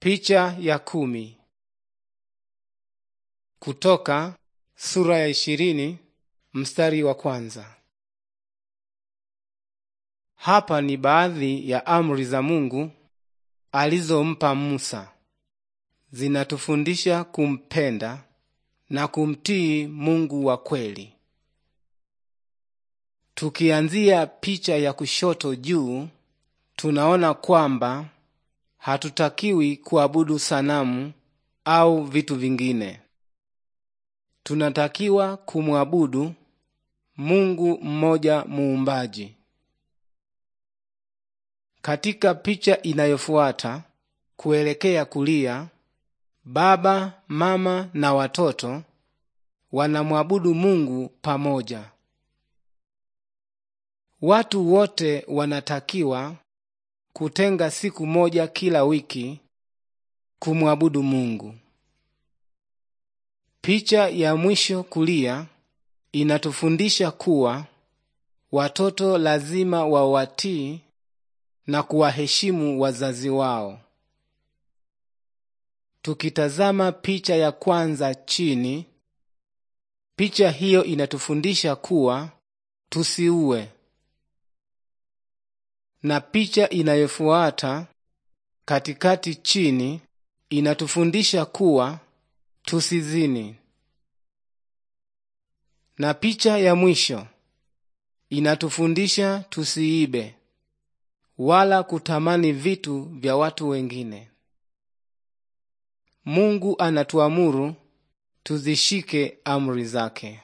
Picha ya kumi. Kutoka sura ya ishirini mstari wa kwanza. Hapa ni baadhi ya amri za Mungu alizompa Musa. Zinatufundisha kumpenda na kumtii Mungu wa kweli. Tukianzia picha ya kushoto juu, tunaona kwamba hatutakiwi kuabudu sanamu au vitu vingine. Tunatakiwa kumwabudu Mungu mmoja muumbaji. Katika picha inayofuata kuelekea kulia, baba, mama na watoto wanamwabudu Mungu pamoja. Watu wote wanatakiwa kutenga siku moja kila wiki kumwabudu Mungu. Picha ya mwisho kulia inatufundisha kuwa watoto lazima wawatii na kuwaheshimu wazazi wao. Tukitazama picha ya kwanza chini, picha hiyo inatufundisha kuwa tusiue, na picha inayofuata katikati chini inatufundisha kuwa tusizini, na picha ya mwisho inatufundisha tusiibe wala kutamani vitu vya watu wengine. Mungu anatuamuru tuzishike amri zake.